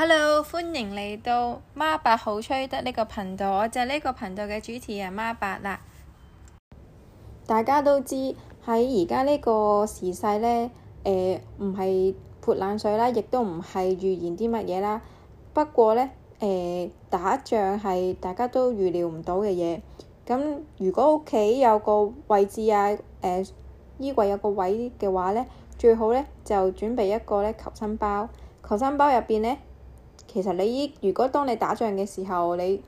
Hello，歡迎嚟到孖八好吹得呢個頻道。我就係呢個頻道嘅主持人孖八啦。大家都知喺而家呢個時勢呢，誒唔係潑冷水啦，亦都唔係預言啲乜嘢啦。不過呢，誒、呃、打仗係大家都預料唔到嘅嘢。咁如果屋企有個位置啊，誒、呃、衣櫃有個位嘅話呢，最好呢就準備一個呢求生包。求生包入邊呢。其實你如果當你打仗嘅時候，你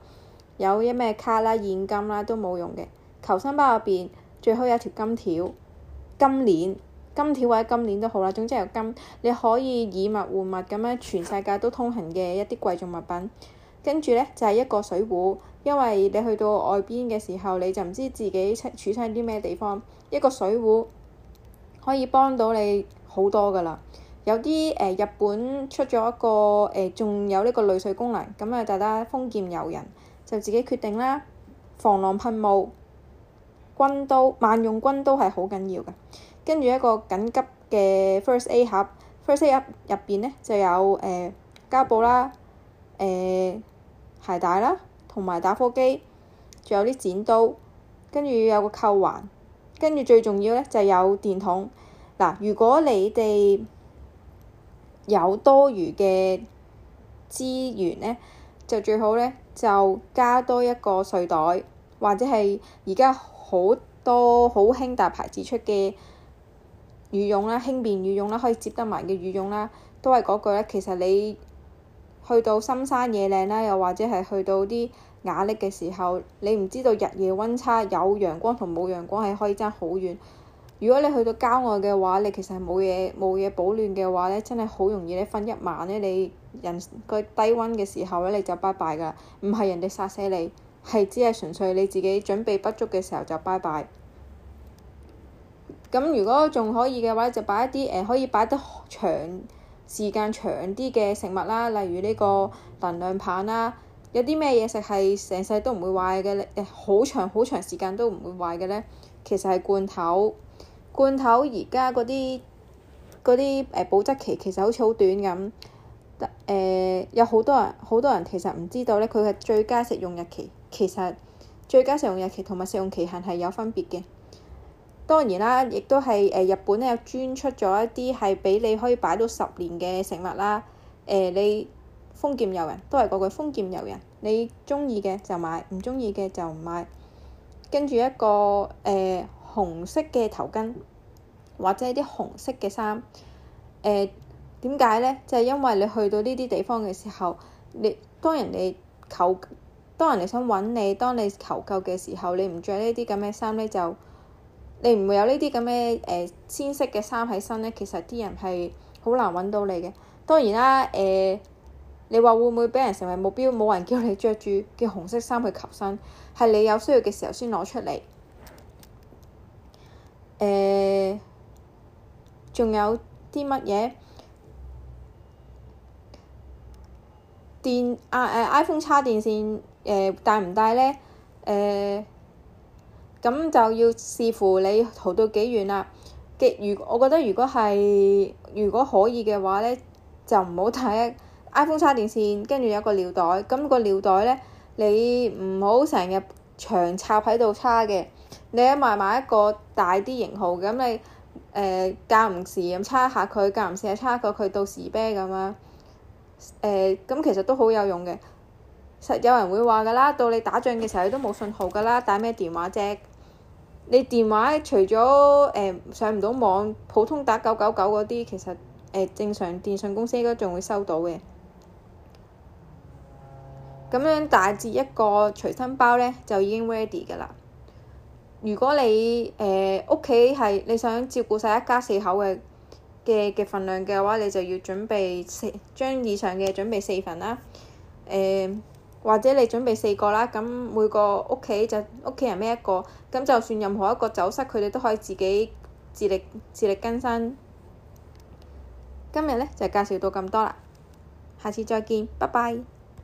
有一咩卡啦、現金啦都冇用嘅。求生包入邊最好有條金條、金鏈、金條或者金鏈都好啦，總之有金，你可以以物換物咁樣全世界都通行嘅一啲貴重物品。跟住呢，就係一個水壺，因為你去到外邊嘅時候，你就唔知自己住喺啲咩地方，一個水壺可以幫到你好多噶啦。有啲誒、呃，日本出咗一個誒，仲、呃、有呢個濾水功能咁啊！大家豐儉由人就自己決定啦。防狼噴霧、軍刀、萬用軍刀係好緊要嘅。跟住一個緊急嘅 First A 盒，First A 盒入邊咧就有誒、呃、膠布啦、誒、呃、鞋帶啦，同埋打火機，仲有啲剪刀。跟住有個扣環，跟住最重要咧就有電筒嗱。如果你哋有多餘嘅資源呢，就最好呢，就加多一個睡袋，或者係而家好多好興大牌子出嘅羽絨啦、輕便羽絨啦，可以摺得埋嘅羽絨啦，都係嗰句呢。其實你去到深山野嶺啦，又或者係去到啲瓦礫嘅時候，你唔知道日夜溫差有陽光同冇陽光係可以爭好遠。如果你去到郊外嘅話，你其實係冇嘢冇嘢保暖嘅話咧，真係好容易咧。瞓一晚咧，你人個低温嘅時候咧，你就拜拜㗎。唔係人哋殺死你，係只係純粹你自己準備不足嘅時候就拜拜。咁如果仲可以嘅話，就擺一啲誒、呃、可以擺得長時間長啲嘅食物啦，例如呢個能量棒啦。有啲咩嘢食係成世都唔會壞嘅咧？誒，好長好長時間都唔會壞嘅咧，其實係罐頭。罐頭而家嗰啲嗰啲誒保質期其實好似好短咁。誒、呃、有好多人好多人其實唔知道咧，佢嘅最佳食用日期，其實最佳食用日期同埋食用期限係有分別嘅。當然啦，亦都係誒、呃、日本咧有專出咗一啲係俾你可以擺到十年嘅食物啦。誒、呃、你豐儉由人，都係嗰句豐儉由人，你鍾意嘅就買，唔鍾意嘅就唔買。跟住一個誒。呃紅色嘅頭巾或者啲紅色嘅衫，誒點解咧？就係、是、因為你去到呢啲地方嘅時候，你當人哋求，當人哋想揾你，當你求救嘅時候，你唔着呢啲咁嘅衫咧，你就你唔會有呢啲咁嘅誒鮮色嘅衫喺身咧。其實啲人係好難揾到你嘅。當然啦，誒、呃、你話會唔會俾人成為目標？冇人叫你着住件紅色衫去求生，係你有需要嘅時候先攞出嚟。仲有啲乜嘢電啊？誒、啊、iPhone 叉電線誒、呃、帶唔帶咧？誒、呃、咁就要視乎你逃到幾遠啦。極如我覺得，如果係如果可以嘅話咧，就唔好帶 iPhone 叉電線，跟住有個尿袋。咁、那個尿袋咧，你唔好成日長插喺度插嘅。你買埋埋一個大啲型號，咁你。誒間唔時咁叉下佢，間唔時又叉過佢到時啤咁樣。誒、呃、咁其實都好有用嘅。實有人會話噶啦，到你打仗嘅時候你都冇信號噶啦，打咩電話啫？你電話除咗誒、呃、上唔到網，普通打九九九嗰啲，其實誒、呃、正常電信公司應該仲會收到嘅。咁樣大致一個隨身包咧，就已經 ready 噶啦。如果你誒屋企係你想照顧晒一家四口嘅嘅嘅份量嘅話，你就要準備四將以上嘅，準備四份啦。誒、呃、或者你準備四個啦，咁每個屋企就屋企人孭一個，咁就算任何一個走失，佢哋都可以自己自力自力更生。今日咧就介紹到咁多啦，下次再見，拜拜。